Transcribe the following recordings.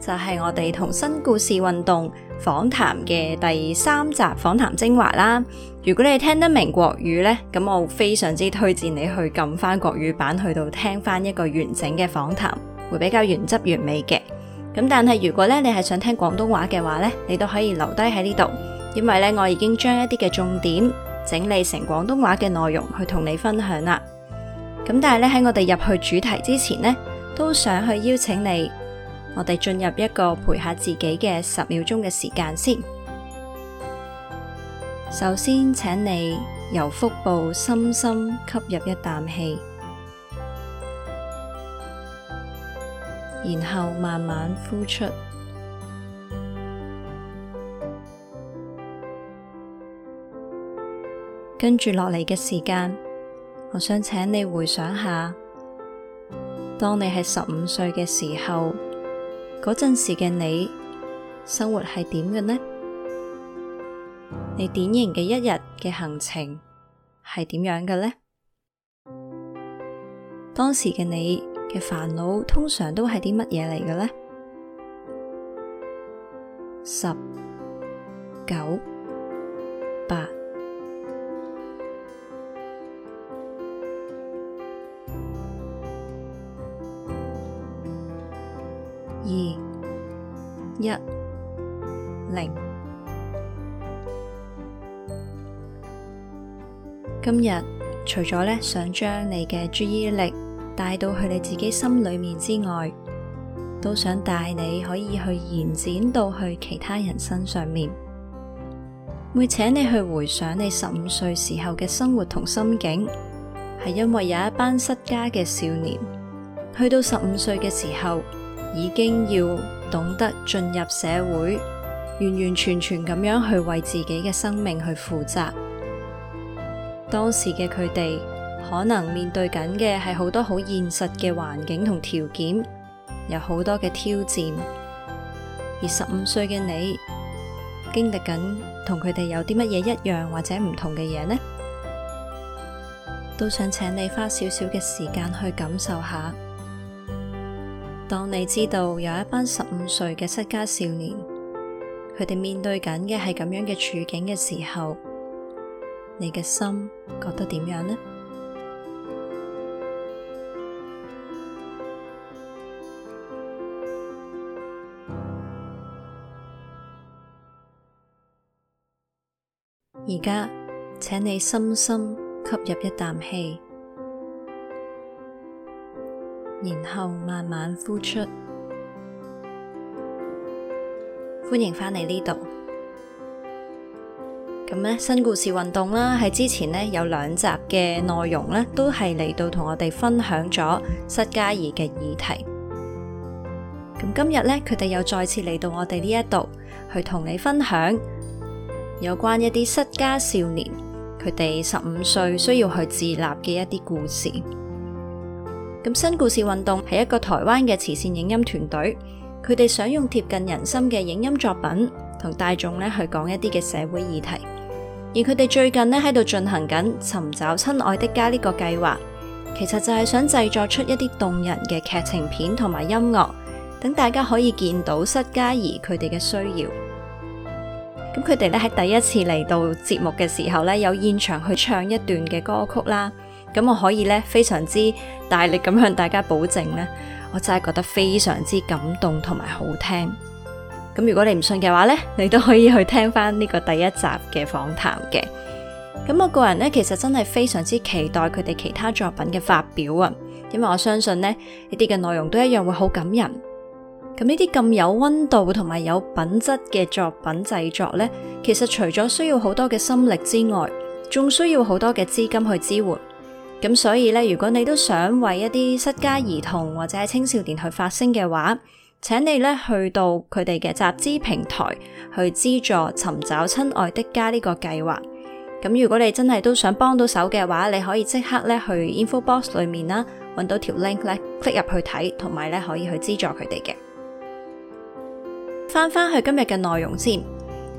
就係我哋同新故事運動訪談嘅第三集訪談精華啦。如果你係聽得明國語呢，咁我非常之推薦你去撳翻國語版，去到聽翻一個完整嘅訪談，會比較原汁原味嘅。咁但係如果咧你係想聽廣東話嘅話呢，你都可以留低喺呢度，因為咧我已經將一啲嘅重點整理成廣東話嘅內容去同你分享啦。咁但係咧，喺我哋入去主題之前呢，都想去邀請你。我哋進入一個陪下自己嘅十秒鐘嘅時間先。首先，請你由腹部深深吸入一啖氣，然後慢慢呼出。跟住落嚟嘅時間，我想請你回想下，當你喺十五歲嘅時候。嗰陣時嘅你，生活係點嘅呢？你典型嘅一日嘅行程係點樣嘅呢？當時嘅你嘅煩惱通常都係啲乜嘢嚟嘅呢？十九八。二、一、零。今日除咗呢，想將你嘅注意力帶到去你自己心裏面之外，都想帶你可以去延展到去其他人身上面。會請你去回想你十五歲時候嘅生活同心境，係因為有一班失家嘅少年，去到十五歲嘅時候，已經要懂得進入社會，完完全全咁樣去為自己嘅生命去負責。當時嘅佢哋可能面對緊嘅係好多好現實嘅環境同條件，有好多嘅挑戰。而十五歲嘅你，經歷緊同佢哋有啲乜嘢一樣或者唔同嘅嘢呢？都想請你花少少嘅時間去感受下。當你知道有一班十五歲嘅失家少年，佢哋面對緊嘅係咁樣嘅處境嘅時候，你嘅心覺得點樣呢？而家，請你深深吸入一啖氣。然後慢慢呼出，歡迎返嚟呢度。咁呢新故事運動啦，喺之前呢，有兩集嘅內容呢都係嚟到同我哋分享咗失家兒嘅議題。咁今日呢，佢哋又再次嚟到我哋呢一度，去同你分享有關一啲失家少年，佢哋十五歲需要去自立嘅一啲故事。咁新故事運動係一個台灣嘅慈善影音團隊，佢哋想用貼近人心嘅影音作品同大眾咧去講一啲嘅社會議題，而佢哋最近咧喺度進行緊尋找親愛的家呢個計劃，其實就係想製作出一啲動人嘅劇情片同埋音樂，等大家可以見到失家兒佢哋嘅需要。咁佢哋咧喺第一次嚟到節目嘅時候咧，有現場去唱一段嘅歌曲啦。咁我可以咧，非常之大力咁向大家保證呢，我真係覺得非常之感動同埋好聽。咁如果你唔信嘅話咧，你都可以去聽翻呢個第一集嘅訪談嘅。咁我個人咧，其實真係非常之期待佢哋其他作品嘅發表啊，因為我相信呢，呢啲嘅內容都一樣會好感人。咁呢啲咁有溫度同埋有品質嘅作品製作咧，其實除咗需要好多嘅心力之外，仲需要好多嘅資金去支援。咁所以咧，如果你都想為一啲失家兒童或者係青少年去發聲嘅話，請你咧去到佢哋嘅集資平台去資助尋找親愛的家呢個計劃。咁如果你真係都想幫到手嘅話，你可以即刻咧去 info box 裏面啦，搵到條 link 咧，click 入去睇，同埋咧可以去資助佢哋嘅。翻翻去今日嘅內容先。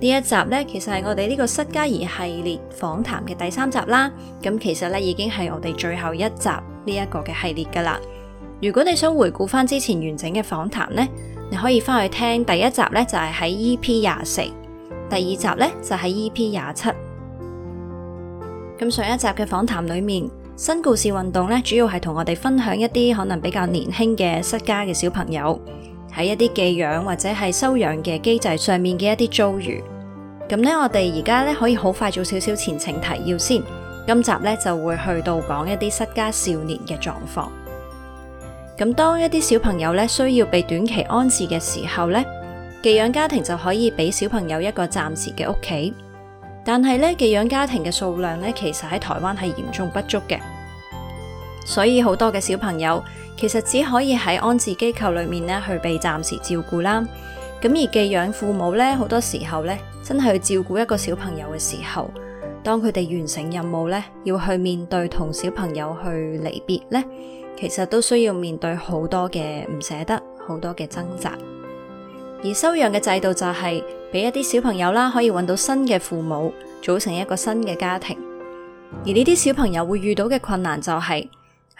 呢一集呢，其實係我哋呢、個失家兒系列訪談嘅第三集啦。咁其實呢，已經係我哋最後一集呢一個嘅系列噶啦。如果你想回顧翻之前完整嘅訪談呢，你可以翻去聽第一集呢，就係喺 E P 廿四，第二集呢，就係喺 E P 廿七。咁上一集嘅訪談裏面，新故事運動呢，主要係同我哋分享一啲可能比較年輕嘅失家嘅小朋友。喺一啲寄養或者係收養嘅機制上面嘅一啲遭遇，咁呢，我哋而家咧可以好快做少少前情提要先，今集咧就會去到講一啲失家少年嘅狀況。咁當一啲小朋友咧需要被短期安置嘅時候咧，寄養家庭就可以俾小朋友一個暫時嘅屋企，但係咧寄養家庭嘅數量咧，其實喺台灣係嚴重不足嘅。所以好多嘅小朋友其實只可以喺安置機構裏面呢去被暫時照顧啦。咁而寄養父母呢，好多時候呢，真係去照顧一個小朋友嘅時候，當佢哋完成任務呢，要去面對同小朋友去離別呢，其實都需要面對好多嘅唔捨得，好多嘅掙扎。而收養嘅制度就係俾一啲小朋友啦，可以搵到新嘅父母，組成一個新嘅家庭。而呢啲小朋友會遇到嘅困難就係。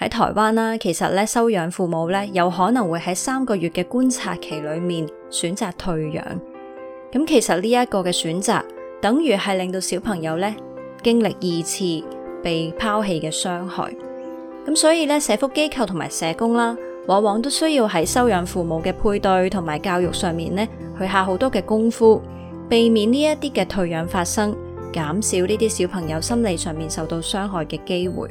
喺台灣啦，其實咧收養父母咧有可能會喺三個月嘅觀察期裏面選擇退養，咁其實呢一個嘅選擇，等於係令到小朋友咧經歷二次被拋棄嘅傷害，咁所以咧，社福機構同埋社工啦，往往都需要喺收養父母嘅配對同埋教育上面咧，去下好多嘅功夫，避免呢一啲嘅退養發生，減少呢啲小朋友心理上面受到傷害嘅機會。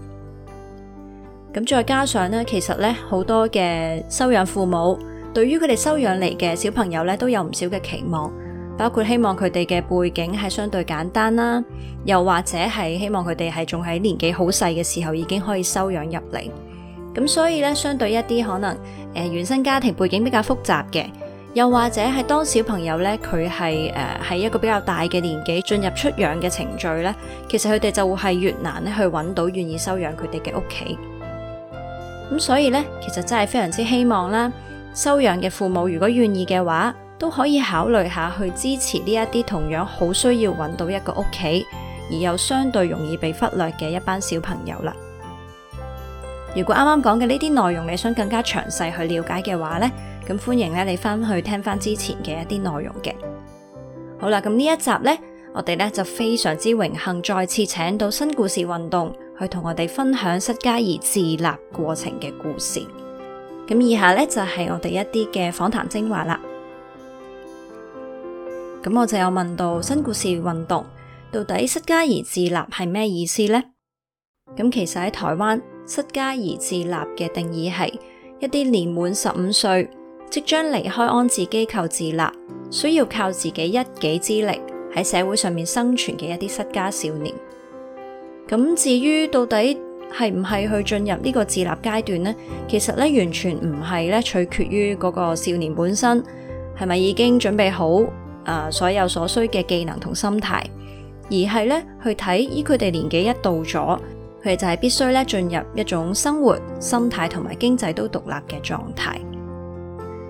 咁再加上咧，其實咧好多嘅收養父母對於佢哋收養嚟嘅小朋友咧，都有唔少嘅期望，包括希望佢哋嘅背景係相對簡單啦，又或者係希望佢哋係仲喺年紀好細嘅時候已經可以收養入嚟。咁所以咧，相對一啲可能誒、呃、原生家庭背景比較複雜嘅，又或者係當小朋友咧佢係誒喺一個比較大嘅年紀進入出養嘅程序咧，其實佢哋就會係越難咧去搵到願意收養佢哋嘅屋企。咁所以咧，其實真係非常之希望啦，收養嘅父母如果願意嘅話，都可以考慮下去支持呢一啲同樣好需要揾到一個屋企，而又相對容易被忽略嘅一班小朋友啦。如果啱啱講嘅呢啲內容，你想更加詳細去了解嘅話咧，咁歡迎咧你翻去聽翻之前嘅一啲內容嘅。好啦，咁呢一集咧，我哋咧就非常之榮幸再次請到新故事運動去同我哋分享失家而自立過程嘅故事。咁以下呢，就係我哋一啲嘅訪談精華啦。咁我就有問到新故事運動到底失家而自立係咩意思呢？咁其實喺台灣，失家而自立嘅定義係一啲年滿十五歲，即將離開安置機構自立，需要靠自己一己之力，喺社會上面生存嘅一啲失家少年。咁至於到底係唔係去進入呢個自立階段呢？其實咧完全唔係咧取決於嗰個少年本身係咪已經準備好啊、呃、所有所需嘅技能同心態，而係咧去睇以佢哋年紀一到咗，佢哋就係必須咧進入一種生活心態同埋經濟都獨立嘅狀態。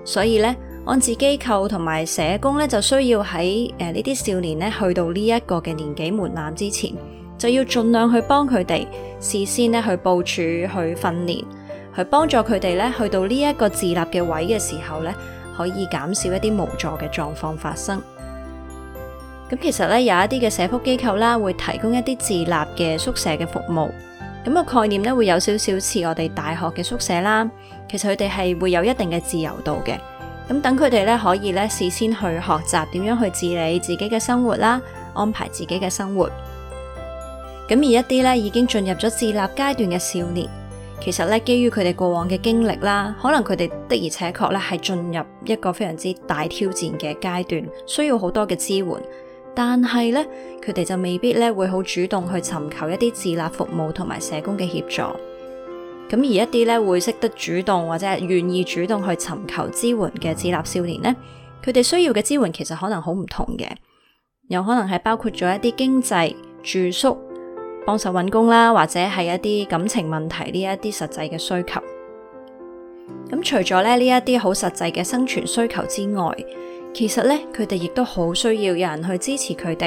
所以咧，安置機構同埋社工咧就需要喺誒呢啲少年咧去到呢一個嘅年紀門檻之前。就要盡量去幫佢哋事先咧去部署、去訓練、去幫助佢哋咧，去到呢一個自立嘅位嘅時候咧，可以減少一啲無助嘅狀況發生。咁其實咧有一啲嘅社福機構啦，會提供一啲自立嘅宿舍嘅服務。咁個概念咧會有少少似我哋大學嘅宿舍啦。其實佢哋係會有一定嘅自由度嘅。咁等佢哋咧可以咧事先去學習點樣去自理自己嘅生活啦，安排自己嘅生活。咁而一啲咧已經進入咗自立階段嘅少年，其實咧基於佢哋過往嘅經歷啦，可能佢哋的而且確咧係進入一個非常之大挑戰嘅階段，需要好多嘅支援。但係咧，佢哋就未必咧會好主動去尋求一啲自立服務同埋社工嘅協助。咁而一啲咧會識得主動或者係願意主動去尋求支援嘅自立少年咧，佢哋需要嘅支援其實可能好唔同嘅，有可能係包括咗一啲經濟、住宿。幫手搵工啦，或者係一啲感情問題呢，一啲實際嘅需求。咁除咗呢，呢一啲好實際嘅生存需求之外，其實呢，佢哋亦都好需要有人去支持佢哋。